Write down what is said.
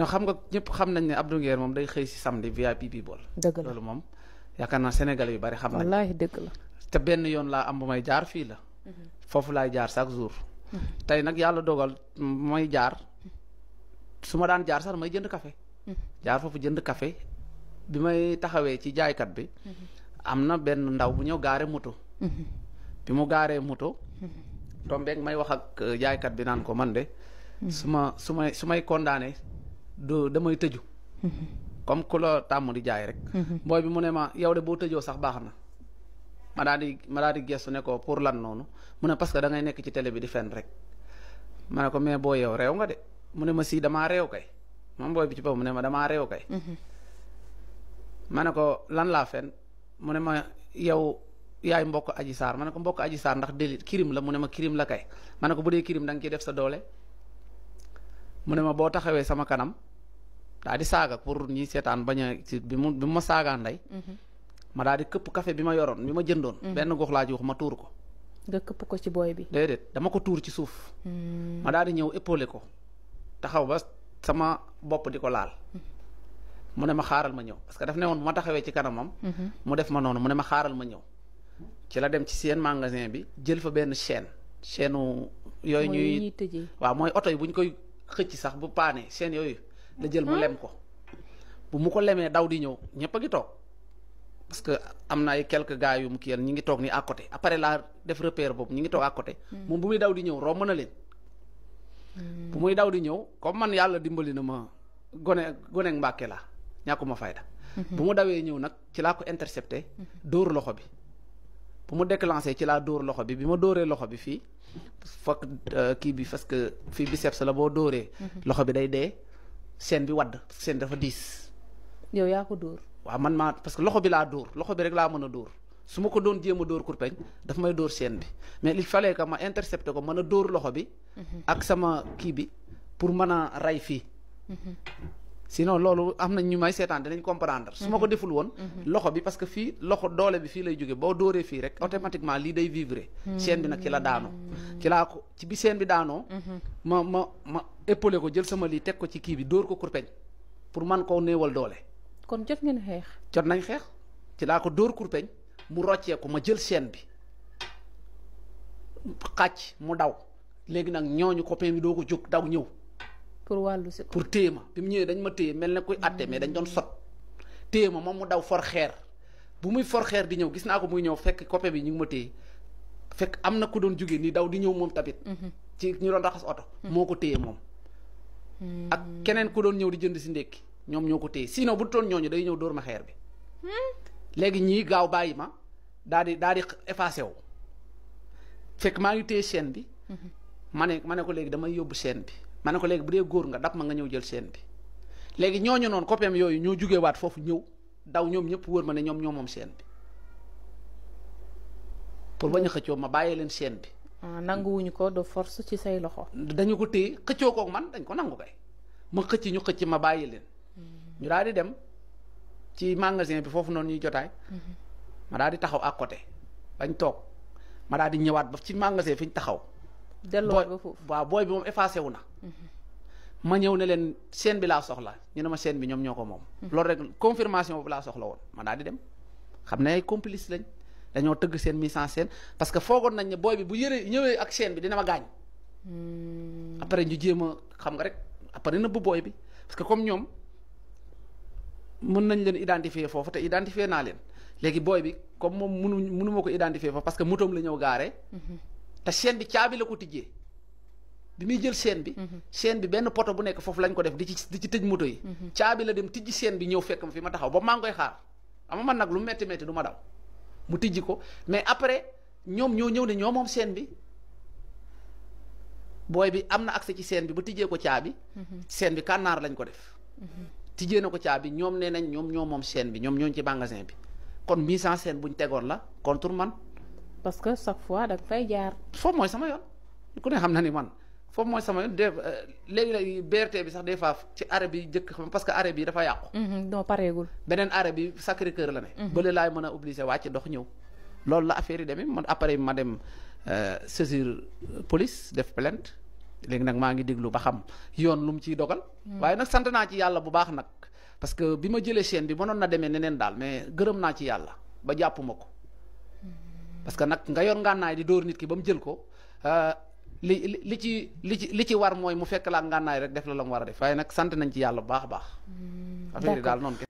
non xam nga ñëpp xam nañ ne Abdou Nguer moom day xëy si samedi VIP people. dëgg la loolu moom yaakaar naa Sénégalais yu bari xam nañ wallaahi dëgg la te benn yoon laa am bu may jaar fii la. Mhm. foofu laay jaar chaque jour. Mhm. tey nag yàlla dogal may jaar su ma daan jaar sax may jënd café mhm. jaar foofu jënd café bi may taxawee ci jaaykat bi. am na benn ndaw bu ñëw gaare moto. bi mu gaaree moto. tombeeg may wax ak euh, jaaykat bi naan ko man de. su ma su may su may condamné du damay tëju. comme ku tàmm di jaay rek. mbooy bi mu ne ma yow de boo tëjoo sax baax na. ma daal di ma daal di gestu ne ko pour lan noonu mu ne parce que da ngay nekk ci télé bi di fenn rek ma ne ko mais boo yow reew nga de mu ne ma sii damaa réew kay moom bi ci boppam mu ne ma damaa réew kay. ne ko lan laa fen mu ne ma yow yaay mbokk aji saar ma ne ko mbokk aji saar ndax délit kirim la mu ne ma kirim la kay ma ne ko bu dee kirim da nga ciy def sa doole mu ne ma boo taxawee sama kanam. Dari di saaga pour ni seetaan baña ci bi mu saga nday ma bimajendon. ndey. Mhm. ma daal di këpp café bi ma yoroon bi ma jëndoon. Mhm. gox laa ji wax ma tour ko. nga kep ko ci boy bi. dedet dama ko tour ci hmm. ma ñew ko taxaw ba sama bop di ko laal. Mhm. mu ne ma xaaral ma ñew parce que daf neewon ma taxawé ci kanamam. mu def ma non mu ne ma xaaral ma ñew ci la dem ci sen magasin bi jël fa ben chaîne. chaîne yoy ñuy wa moy auto yi bu koy xëc ci sax bu pané chaîne yoy la jël mu lem ko bu mu ko lemee daw di ñëw ñëpp a ngi toog parce que am na ay quelques gars yu mu kii ñi ngi toog nii à côté après la def repère boobu ñi ngi toog à hmm. moom bu muy daw di ñëw romb na leen. Hmm. bu muy daw di ñëw comme man yàlla dimbali na ma gone gone mbàkke laa ñàkkuma fayda. Hmm. bu mu dawee ñëw nag ci laa ko intercepté. dóor loxo bi. bu mu déclenché ci laa dóor loxo bi bi ma dóoree loxo bi fii fokk euh, kii bi parce que fii biceps la boo dóoree. loxo seen bi wadd seen dafa diis. yow yaa ko dóor. waaw man maa parce que loxo bi laa dóor loxo bi rek laa mën a dóor su ma ko doon jéem a dóor kurpeñ daf may dóor seen bi mais il fallait ma intercepté ko mën a dóor loxo bi. Mhm. ak sama kii bi pour mën a rey fii. Mhm. sinon loolu am na ñu may seetaan dinañ comprendre. su ma ko mhm. deful woon. Mhm. loxo bi parce que fii loxo doole bi fii lay jóge boo dóoree fii rek mhm. automatiquement lii day vibrer. chaîne bi nag ki la daanoo. ci laa ko ci bi bi daanoo. ma ma ma épaulé ko jël sama lii teg ko ci kii bi dóor ko kurpeñ pour man koo néewal doole. kon jot ngeen xeex. jot nañ xeex ci laa ko dóor kurpeñ mu rocceeku ma jël chaîne bi xàcc mu daw léegi nag ñooñu copain bi doo ko jóg daw ñëw. pour wàllu pour téye ma bi mu ñëwee dañ ma téye mel ne kuy àtte mais dañ doon sot téye ma moom mu daw for xeer bu muy for xeer di ñëw gis naa ko muy ñëw fekk coppe bi ñu ngi ma téye fekk am na ku doon jógee nii daw di ñëw moom tamit. Mhm. ci ñu doon raxas oto. Mhm. moo ko téye moom. Hmm. ak keneen ku doon ñëw di jënd si ndékki ñoom ñoo ko téye sinon bu toon ñooñu day ñëw dóor ma xeer bi. Hmm? léegi ñii gaaw bàyyi ma daal di daal di effacé wu fekk maa ngi téye chaîne bi. Mhm. ma ne ma ne ko léegi damay yóbbu chaîne bi. ma ne ko léegi bu dee góor nga dab ma nga ñëw jël seen bi léegi ñooñu noonu coppem yooyu ñoo jugee waat foofu ñëw daw ñoom ñëpp wóor ma ne ñoom ñoo moom seen bi pour bañ a xëccoo ma bàyyee leen seen bi. Ah, nanguwuñu ko de force ci say loxo. dañu ko téye xëccoo koog man dañ ko nangu kay ma xëcc ñu xëcc ma bàyyi leen. Mm-hmm. ñu daal di dem ci magasin bi foofu noonu ñuy jotaay. Mm-hmm. ma daal di taxaw à côté bañ toog ma daal di ñëwaat ba ci magasin fi ñu taxaw. delluwaat ba foofu waaw booy bi moom effacé wu na. Mm-hmm. ma ñëw ne leen seen bi laa soxla ñu ne ma seen bi ñoom ñoo ko moom. Mm-hmm. loolu rek confirmation boobu laa soxla woon ma daal di dem xam ne complice lañ dañoo tëgg seen mise en scène parce que foogoon nañ ne booy bi bu yëre ñëwee ak seen bi dina ma gaañ. Mm. après ñu jéem a xam nga rek après nëbb booy bi parce que comme ñoom mun nañ leen identifier foofu te identifier naa leen léegi booy bi comme moom mënu mënu ma ko identifier foofu parce que motoom la ñëw gaare. Mm-hmm. te chaîne bi caabi la ko tijjee bi muy jël seen bi. Mhm. seen bi benn poto bu nekk foofu lañ ko def di ci di ci tëj moto yi. Mhm. caabi la dem tijji seen bi ñëw fekk ma fi ma taxaw ba maa ngi koy xaar ama man nag lu metti metti du ma daw mu tijji ko mais après ñoom ñoo ñëw ne moom chaîne bi. booy bi am na accès ci seen bi ba tijjee ko caabi. Mhm. seen bi kànnaar lañ ko def. tijjee na ko caabi ñoom nee nañ ñoom ñoo moom seen bi ñoom ñooñu ci magasin bi kon mise en scène bu ñu tegoon la contre man. parce que chaque fois da fay jaar. fof moy sama yoon ku ne xam na ni man fof moy sama yoon de euh, la BRT bi sax des fois ci arrêt bi njëkk xam parce que arrêt bi dafa yàqu. Mm-hmm, non pareegul. benen arrêt bi Sacré Cœur la né mm-hmm. beul lay mën a obligé wàcc dox ñew loolu la affaire yi demee man après ma dem euh saisir euh, police def plainte léegi nak ma ngi déglu ba xam yoon lu mm. ci dogal. waye nak sant na ci yalla bu baax nak parce que bima ma jëlee chaîne bi mënoon na demee neneen dal mais gërëm na ci yalla ba jappumako parce que nag nga yor ngànnaay di dóor nit ki ba mu jël ko euh, li li ci li ci li ci war mooy mu fekk laa ngànnaay rek def la la mu war a def waaye nag sant nañ ci yàlla bu baax a baax. Hmm. daal noonu.